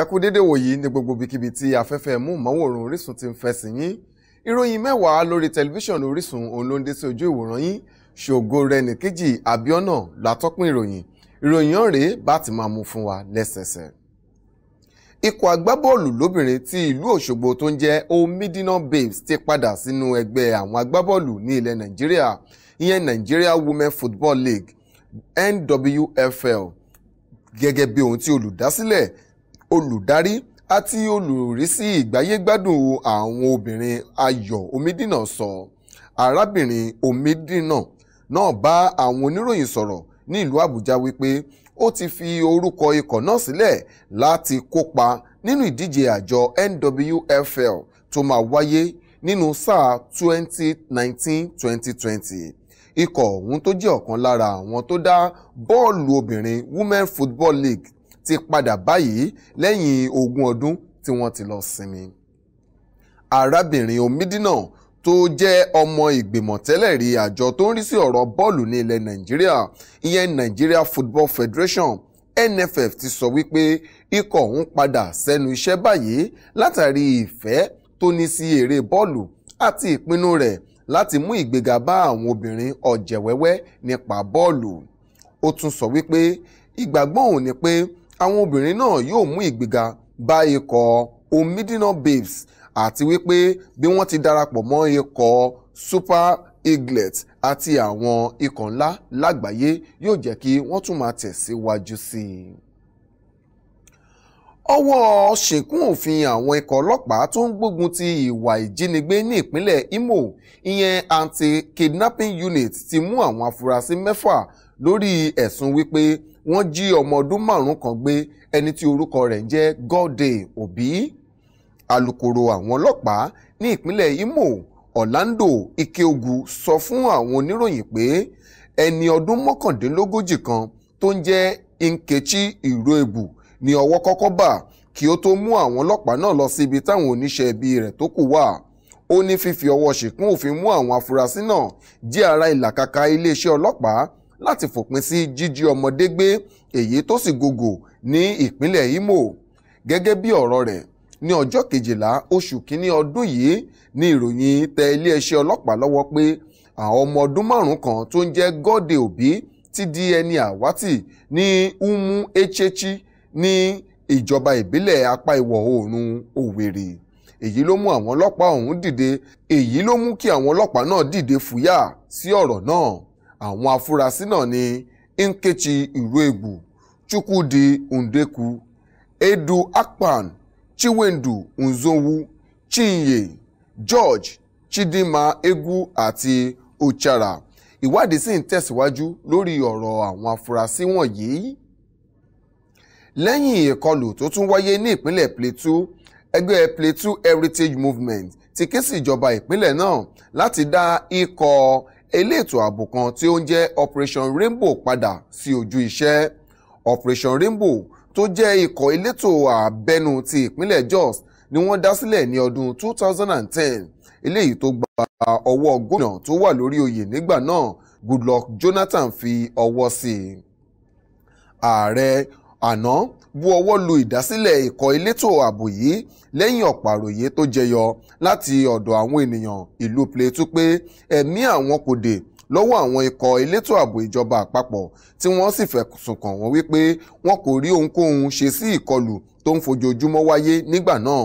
ẹ kú dédé wòyí ní gbogbo ibikíbi tí afẹ́fẹ́ mú mọ́wòrán Orísun ti ń fẹ́ sí yín ìròyìn mẹ́wàá lórí tẹlifíṣàn Orísun òun ló ń dé sí ojú ìwòran yín ṣògo rẹnì kejì Àbíọ́nà látọ́pin ìròyìn ìròyìn ọ̀rẹ́ bá ti máa mú fún wa lẹ́sẹsẹ. ikọ̀ agbábọ́ọ̀lù lóbìnrin ti ìlú Òṣogbo tó ń jẹ́ Omidina Babes ti padà sínú ẹgbẹ́ àwọn agbábọ́ọ̀lù ní ilẹ̀ Nàìjíríà ìyẹn Nigeria Women Football League NWFL gẹ́gẹ́ bí ohun tí olùdásílẹ̀ olùdarí àti olùrísí ìgbáyégbádùn àwọn obìnrin Ayọ̀ Omidínà sọ arábìnrin Omidínà náà bá àwọn oníròyìn sọ̀rọ̀ ní ìlú Àbújá wípé ó ti fi orúkọ ikọ̀ náà sílẹ̀ láti kópa nínú ìdíje àjọ NWFL tó máa wáyé nínú sáà 2019-2020 ikọ̀ ọ̀hún tó jẹ́ ọ̀kan lára àwọn tó dá bọ́ọ̀lù obìnrin Women Football League ti padà báyìí lẹ́yìn ogún ọdún tí wọ́n ti lọ sinmi. arábìnrin omidina tó jẹ́ ọmọ ìgbìmọ̀ tẹ́lẹ̀ rí àjọ tó ń rí sí ọ̀rọ̀ bọ́ọ̀lù ní ilẹ̀ nàìjíríà ìyẹn Nigeria Football Federation NFF ti sọ wípé ikọ̀ ọ̀hún padà sẹ́nu iṣẹ́ báyìí látàrí ìfẹ́ tó ní sí eré bọ́ọ̀lù àti ìpinnu rẹ̀ láti mú ìgbéga bá àwọn obìnrin ọ̀jẹ̀wẹ́wẹ́ nípa bọ́ọ̀lù ó tún sọ wípé ìgbàgbọ́ òun ni pé àwọn obìnrin náà yóò mú ìgbéga bá ikọ̀ omidina babes àti wípé bí wọ́n ti darapọ̀ mọ́ ikọ̀ super eaglet àti àwọn ikọ̀ ńlá lágbàáyé yóò jẹ́ kí wọ́n tún máa tẹ̀síwájú sí i. ọwọ́ ṣìnkún òfin àwọn ikọ̀ ọlọ́pàá tó ń gbógun ti ìwà ìjínigbé ní ìpínlẹ̀ Imo ìyẹn anti-kidnapping unit ti mú àwọn afurasí mẹ́fà lórí ẹ̀sùn wípé wọ́n jí ọmọ ọdún márùn kan gbé ẹni tí orúkọ rẹ̀ ń jẹ́ Godday Obi alukoro àwọn ọlọ́pàá ní ìpínlẹ̀ Imo Orlando Ikeogu sọ fún àwọn oníròyìn pé ẹni ọdún mọ́kàndínlógójì kan tó ń jẹ́ Nkechi Iroebu ni ọwọ́ kọ́kọ́ bà kí ó tó mú àwọn ọlọ́pàá náà lọ síbi táwọn oníṣẹ́ ibi rẹ̀ tó kù wà ó ní fífi ọwọ́ ṣìkún òfin mú àwọn afurasí náà jẹ́ ara ìlàkàkà iléeṣẹ́ ọlọ́pàá láti fòpin sí jíjí ọmọdé gbé èyí tó sì gògò ní ìpínlẹ̀ Imo gẹ́gẹ́ bí ọ̀rọ̀ rẹ̀ ní ọjọ́ kejìlá oṣù kínní ọdún yìí ní ìròyìn tẹ iléeṣẹ́ ọlọ́pàá lọ́wọ́ pé àwọn ọmọ ọdún márùn kan tó ń jẹ́ Gọ́dé Òbí ti di ẹni àwátì ní Umu Echechi ní ìjọba ìbílẹ̀ apá ìwọ̀ oòrùn Òwèrè èyí ló mú àwọn ọlọ́pàá ọ̀hún dìde èyí ló mú kí àwọn ọlọ́pàá náà dìde fúyà sí ọ̀rọ̀ náà àwọn afurasí náà ni nkechi iruegbu chukwudi ndeku edu akpan chiwendu nzonwu chinye george chidima egwu àti ochara ìwádìí sì ń tẹ̀síwájú lórí ọ̀rọ̀ àwọn afurasí wọ̀nyí lẹ́yìn ìkọlù tó tún wáyé ní ìpínlẹ̀ Plateau ẹgbẹ́ Plateau Heritage Movement ti ké sí ìjọba ìpínlẹ̀ náà láti dá ikọ̀ elétò ààbò kan tí ó ń jẹ́ Operation Rainbow padà sí ojú iṣẹ́ Operation Rainbow tó jẹ́ ikọ̀ elétò àbẹnú ti ìpínlẹ̀ Jos ni wọ́n dá sílẹ̀ ní ọdún 2010 eléyìí tó gba ọwọ́ gómìnà tó wà lórí oyè nígbà náà Goodluck Jonathan fi ọwọ́ sí i ààrẹ àná bu ọwọ́ lu ìdásílẹ̀ ikọ̀ elétò ààbò yìí lẹ́yìn ọ̀pọ̀ àròyé tó jẹyọ láti ọ̀dọ̀ àwọn ènìyàn ìlú Plateau pé ẹ̀mí àwọn kò dé lọ́wọ́ àwọn ikọ̀ elétò ààbò ìjọba àpapọ̀ tí wọ́n sì fẹ̀sùn kàn wọ́n wípé wọn kò rí ohunkóhun ṣe sí ìkọlù tó ń fojoojúmọ́ wáyé nígbà náà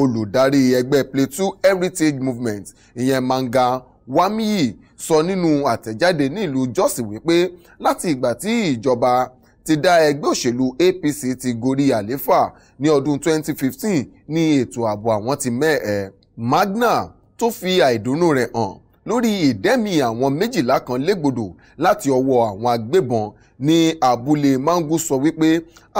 olùdarí ẹgbẹ́ Plateau Heritage Movement ìyẹn Manga Wamiyi sọ nínú àtẹ̀jáde ní ìlú Jos wípé láti ìgbà tí ìjọba ti dá ẹgbẹ́ òṣèlú APC ti gorí àléfà ní ọdún 2015 ní ètò ààbò àwọn ti mẹ́ẹ̀ eh, Magna tó fi àìdùnnú rẹ̀ hàn lórí ìdẹ́mi àwọn méjìlá kan légbodò láti ọwọ́ àwọn agbébọn ní abúlé Mangu sọ wípé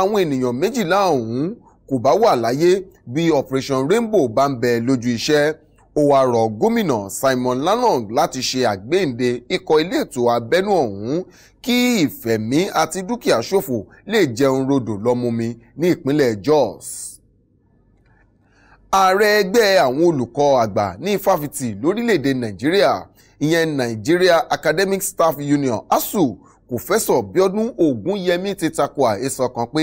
àwọn ènìyàn méjìlá ọ̀hún kò bá wà láyé bí Operation Rainbow bá ń bẹ lójú iṣẹ́ ó wáá rọ gómìnà Simon Lalong láti ṣe àgbéǹde ikọ̀ elétò abẹ́nú ọ̀hún kí ìfẹ̀mí àti dúkìá ṣòfò lè jẹun rodò lọ́mumi ní ìpínlẹ̀ Jos ààrẹ ẹgbẹ́ àwọn olùkọ́ àgbà ní fáfitì lórílẹ̀‐èdè nàìjíríà ìyẹn nigeria academic staff union asu kòfẹ́sọ̀ bíọ́dún ògúnyẹmí ti takò àhesọ kan pé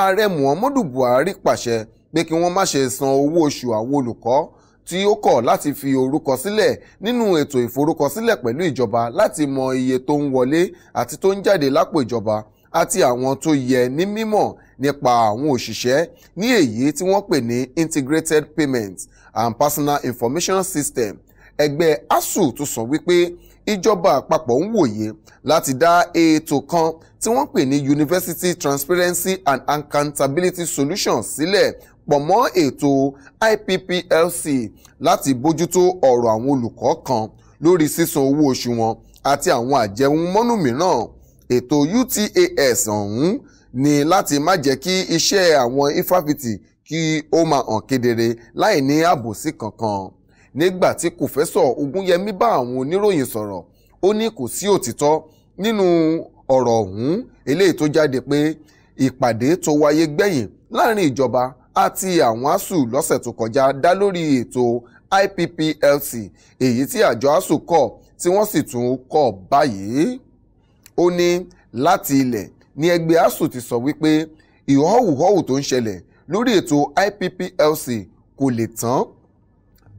ààrẹ muhammadu buhari pàṣẹ pé kí wọ́n má ṣe san owó oṣù àwọn olùkọ́ tí ó kọ̀ láti fi orúkọ sílẹ̀ nínú ètò ìforúkọsílẹ̀ pẹ̀lú ìjọba láti mọ iye tó ń wọlé àti tó ń jáde lápò ìjọba àti àwọn tó yẹ ní mímọ̀ nípa àwọn òṣìṣẹ́ ní èyí tí wọ́n pè ní integrated payment and personal information system ẹgbẹ́ asu tún sọ wípé ìjọba àpapọ̀ ń wòye láti dá ètò kan tí wọ́n pè ní university transparency and accountability solutions sílẹ̀ pọ̀ mọ́ ètò IPPLC láti bójútó ọ̀rọ̀ àwọn olùkọ́ kan lórí sísan owó oṣù wọn àti àwọn àjẹmọ́nú mìíràn ètò UTAS ọ̀hún ni láti má jẹ́ kí iṣẹ́ àwọn ifáfitì kí ó máa hàn kedere láì ní àbòsí kankan nígbà tí kòfẹ́sọ̀ Ògúnyẹmí bá àwọn oníròyìn sọ̀rọ̀ ó ní kò sí òtítọ́ nínú ọ̀rọ̀ ọ̀hún eléyìí tó jáde pé ìpàdé tó wáyé gbẹ̀yìn láàrin ìjọba àti àwọn asuu lọ́sẹ̀ tó kọjá dá lórí ètò IPPLC èyí tí àjọ asuu kọ̀ tí wọ́n sì tún kọ̀ báyìí ó ní láti ilẹ̀ ní ẹgbẹ́ asuu ti sọ wípé ìhọ́wùhọ́wù tó ń ṣẹlẹ̀ lórí ètò IPPLC kò lè tán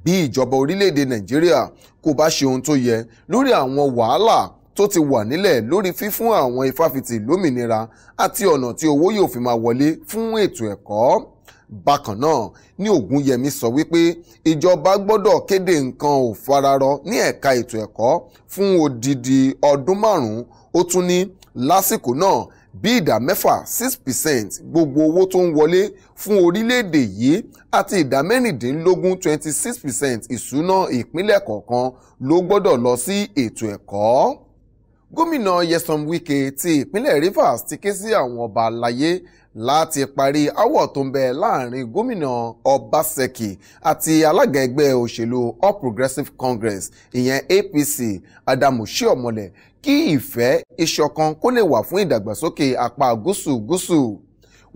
bí ìjọba orílẹ̀-èdè Nàìjíríà kò bá ṣe ohun tó yẹ lórí àwọn wàhálà tó ti wà nílẹ̀ lórí fífún àwọn ifáfitì lómìnira àti ọ̀nà tí owó yóò fi máa wọlé fún ètò ẹ̀kọ́ bákan náà ní Ògúnyẹmí sọ wípé ìjọba gbọ́dọ̀ kéde nǹkan ò fararọ ní ẹ̀ka ètò ẹ̀kọ́ fún odidi ọdún márùn-ún ó tún ní lásìkò náà bí ìdá mẹ́fà six percent gbogbo owó tó ń wọlé fún orílẹ̀-èdè yìí àti ìdá mẹ́rìndínlógún twenty six percent ìṣúná ìpínlẹ̀ kọ̀ọ̀kan ló gbọ́dọ̀ lọ sí ètò ẹ̀kọ́ gómìnà Nyesom Wike ti ìpínlẹ̀ Rivers ti ké sí àwọn ọba aláyé láti parí awọ̀ tó ń bẹ láàrin gómìnà Obaseki àti alága ẹgbẹ́ òṣèlú All Progressive Congress ìyẹn APC Adamu Shiomole kí ìfẹ́ ìṣọ̀kan kó lè wà fún ìdàgbàsókè apá gúúsù gúúsù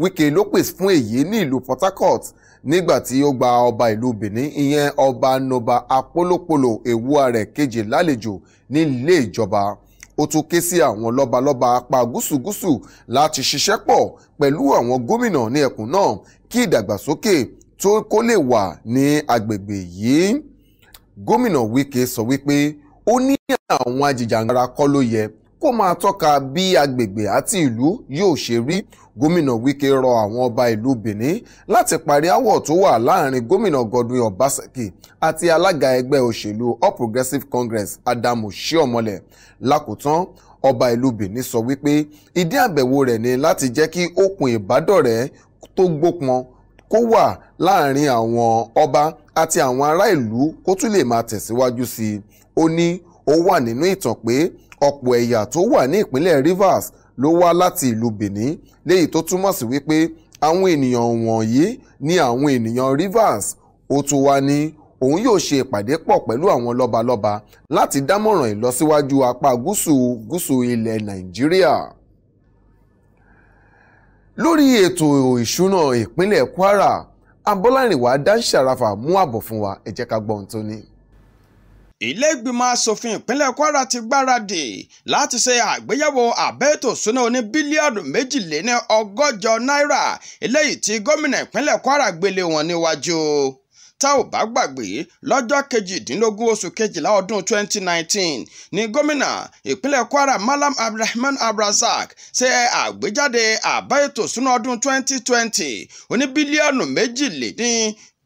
Wike ló pèsè fún èyí ní ìlú Port Harcourt nígbà tí ó gba ọba ìlú Benin ìyẹn ọba noba apolopolo ewuare kejì lálejò nílé ìjọba ó tún ké sí àwọn lọ́balọ́ba apá gúúsù-gúúsù láti ṣiṣẹ́ pọ̀ pẹ̀lú àwọn gómìnà ní ẹkùn náà kí ìdàgbàsókè tó kó lè wà ní agbègbè yìí gómìnà Wike sọ wípé ó ní àwọn ajìjàǹgbara kọ́ ló yẹ kó máa tọ́ka bí agbègbè àti ìlú yóò ṣe rí gómìnà Wike rọ àwọn ọba ìlú Benin láti parí áwọ̀ tó wà láàrin gómìnà Godwin Obaseki àti alága ẹgbẹ́ òṣèlú All Progressives Congress Adamu Shiomole lákòótán ọba ìlú Benin sọ wípé ìdí àbẹ̀wò rẹ̀ ni láti jẹ́ kí okùn ìbádọ́rẹ̀ẹ́ tó gbópọn kó wà láàrin àwọn ọba àti àwọn ará ìlú kó tún lè máa tẹ̀síwájú sí i ó ní ó wà nínú ìtàn pé ọ̀pọ̀ ẹ̀yà tó wà ní ìpínlẹ̀ Rivers ló wá láti ìlú Benin léyìí tó túmọ̀ sí wípé àwọn ènìyàn wọ̀nyí ni àwọn ènìyàn Rivers ó tún wá ní òun yóò ṣe ìpàdé pọ̀ pẹ̀lú àwọn lọ́balọ́ba láti dámọ̀ràn ìlọsíwájú apá gúúsù gúúsù ilẹ̀ Nàìjíríà lórí ètò ìṣúná ìpínlẹ̀ Kwara Abọ́lárìnwá dá ń ṣàràfà mú àbọ̀ fún wa ẹ jẹ́ ká gbọ́ tó ní ilé ìgbìmọ̀ asòfin ìpínlẹ̀ Kwara ti gbáradì láti ṣe àgbéyẹ̀wò àbẹ́ẹ̀tò súná oní bílíọ̀nù méjìléní ọgọ́jọ náírà eléyìí tí gómìnà ìpínlẹ̀ Kwara gbélé wọn níwájú tá ò bá gbàgbé lọ́jọ́ kejìdínlógún oṣù kejìlá ọdún 2019 ni gómìnà ìpínlẹ̀ Kwara Malam Abdulrahman Abrazak ṣe àgbéjáde àbá ètò ìṣúná ọdún 2020 oní bílíọ̀nù méjìléní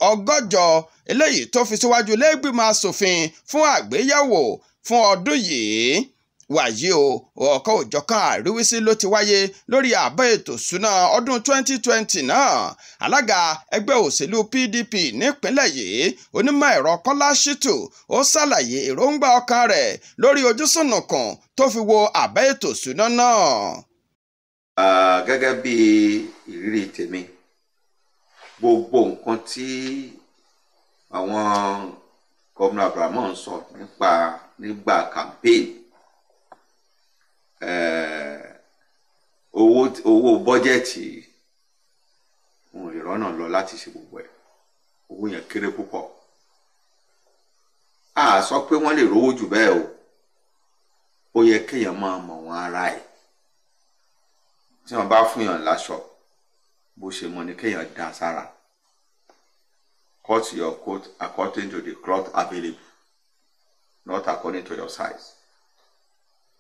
ọgọ́jọ eléyìí tó fi síwájú lẹ́gbìmọ̀ asòfin fún àgbéyẹ̀wò fún ọdún yìí wàyí o ọ̀kan òjọ̀kan àríwísí ló ti wáyé lórí àbá ètò ìsúná ọdún 2020 náà alága ẹgbẹ́ òṣèlú PDP nípínlẹ̀ yìí onímọ̀ ẹ̀rọ Kọ́lá Ṣítù ó ṣàlàyé èròǹgbà ọkàn rẹ̀ lórí ojúsùnùkùn tó fi wo àbá ètò ìsúná náà. gẹ́gẹ́ bí ìrírí tèmi gbogbo nǹkan tí àwọn gómìnà abrahamu ń sọ nípa nígbà campaign eh, owó owó bọ́jẹ̀tì wọn ò lè rọ́nà lọ láti ṣe gbogbo ẹ̀ owó yẹn kéré púpọ̀ a sọ pé wọ́n lè rówó jù bẹ́ẹ̀ o ó yẹ kéèyàn máa mọ̀ wọ́n ara ẹ̀ tí wọ́n bá fún yàn láṣọ bó ṣe mọ ni kéèyàn dá sára cut your coat according to the cloth available not according to your size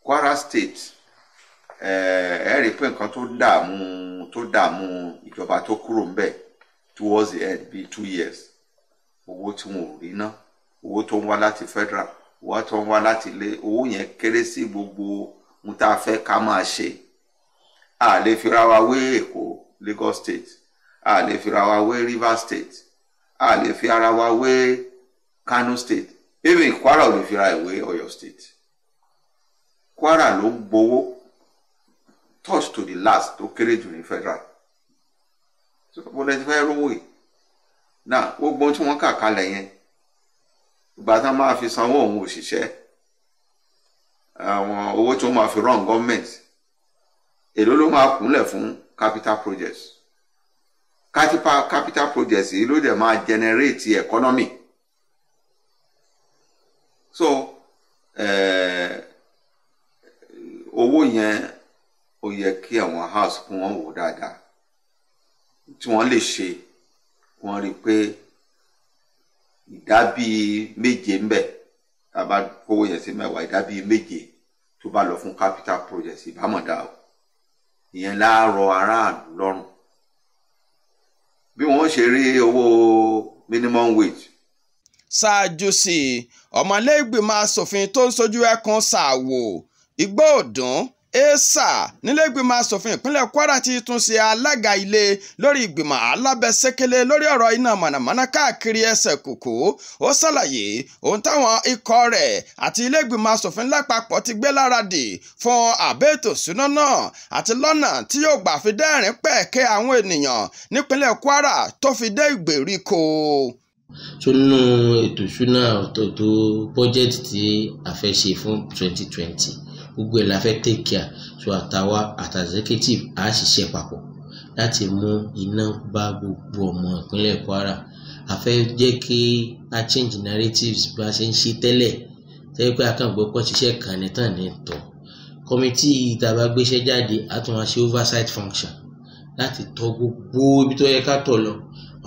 Kwara State eh, ẹ rí i pé nǹkan tó dààmú tó dààmú ìjọba tó kúrò ń bẹ̀ towards the end bíi two years owó tí wọn ò rí ná owó tó ń wá láti federal owó tó ń wá láti ilé owó yẹn kéré sí gbogbo ohun tá a fẹ́ ká máa ṣe a lè fi ra wa wé Èkó Lagos state a lè fi ara wa wé Rivers state a lè fi ara wa wé Kano state even Kwara ò lè fi ara ìwé Ọ̀yọ́ state Kwara ló ń gbowó touch to the last tó kéré jù ní federal mo lè ti fẹ́ rówó yìí náà gbogbo tí wọ́n kà kalẹ̀ yẹn ìgbà tí wọ́n máa fi sanwó òun òṣìṣẹ́ àwọn owó tí wọ́n máa fi run government èló ló máa kúnlẹ̀ fún capital projects capital capital projects yìí ló dẹ̀ máa generate economy so eh, owó yẹn ó yẹ kí àwọn house kún wọn wò dáadáa tí wọ́n lè ṣe wọ́n rí i pé ìdá bíi méje ń bẹ tá a bá kówó yẹn sí mẹ́wàá ìdá bíi méje tó bá lọ fún capital projects ìbámu dáa o ìyẹn láàárọ̀ aráàlú lọ́rùn bí wọ́n ṣe rí owó minimum wage. ṣáájú sí i ọmọlẹ́gbìmọ̀ asòfin tó ń sojú ẹkùn ṣàwò igbó ọ̀dùn esa nílé ìgbìmọ̀ asòfin ìpínlẹ̀ kwara ti tún ṣe alága ilé lórí ìgbìmọ̀ alábẹ́sẹ́kẹ́lẹ́ lórí ọ̀rọ̀ iná mọ̀nàmọ́ná káàkiri ẹsẹ̀ kòkó ó ṣàlàyé ohun táwọn ikọ̀ rẹ̀ àti ilé ìgbìmọ̀ asòfin lápapọ̀ ti gbé láradì fún àbẹ́ẹ̀tò súná náà àti lọ́nà tí yóò gbà fi dẹ́rìn pẹ̀kẹ́ àwọn ènìyàn nípínlẹ̀ kwara tó fi dé ìgbèríko sínú ètò ìṣúná ọ̀tọ̀ tó bọ́jẹ́tì tí a fẹ́ ṣe fún twenty twenty gbogbo ẹ̀ la fẹ́ take care so àtàwa àti executive á ṣiṣẹ́ papọ̀ láti mú iná bá gbogbo ọmọ ìpínlẹ̀ Kwara a fẹ́ jẹ́ kí a change narratives bá a ṣe ń ṣe tẹ́lẹ̀ tẹ́lẹ̀ pé akàngbọ́ pọ̀ ṣiṣẹ́ kan ní tàn ní tọ̀ kọ́mítì ìtàbá gbéṣẹ́ jáde a wá ṣe oversight function láti tọ gbogbo ibi tó yẹ ká tọ̀ lọ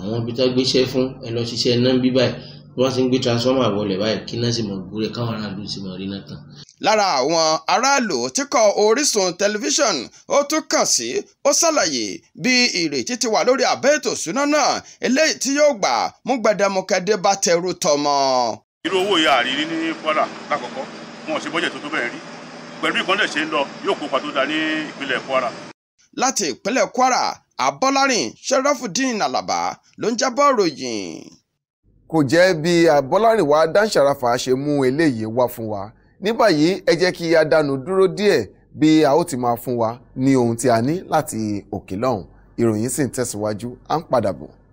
àwọn ibi tó gbéṣẹ́ fún ẹ lọ ṣiṣẹ́ iná bíbáyìí bí wọ́n ti ń gbé transformer wọlé báyìí kí iná sì mọ̀ gbúrẹ́ káwọn aráàlú sì mọ̀ rí iná tán lára àwọn aráàlú tí kọ Orísun tẹlifíṣàn ó tún kàn sí ó ṣàlàyé bí ìrètí ti wà lórí àbẹ́ ètò ìṣúná náà eléyìí tí yóò gbà mú gbẹdẹmukẹdẹ bá tẹrù tọmọ. irú owó ìyá àrírí ní kwara lákọ̀ọ́kọ́ wọn ò ṣe bọ́jẹ̀ tó bẹ́ẹ̀ rí pẹ̀lú ìkọ́ńdẹ̀ ṣe ń lọ yóò kópa tó da ní ìpínlẹ̀ kwara. láti ìpínlẹ̀ kwara abọ́lárìn sẹ́ráfùdín àlàbá ló ń jábọ̀ ròyìn. kò jẹ́ bí abọ́lárìn wa dáńsàràfà ṣe mú eléyìí wá fún wa ní báyìí ẹ jẹ́ kí a dánu dúró díẹ̀ bí a ó ti máa fún wa ní ohun tí a ní láti òkè lọ́hùn ìròyìn sì ń tẹ̀síwájú à ń padà bọ̀.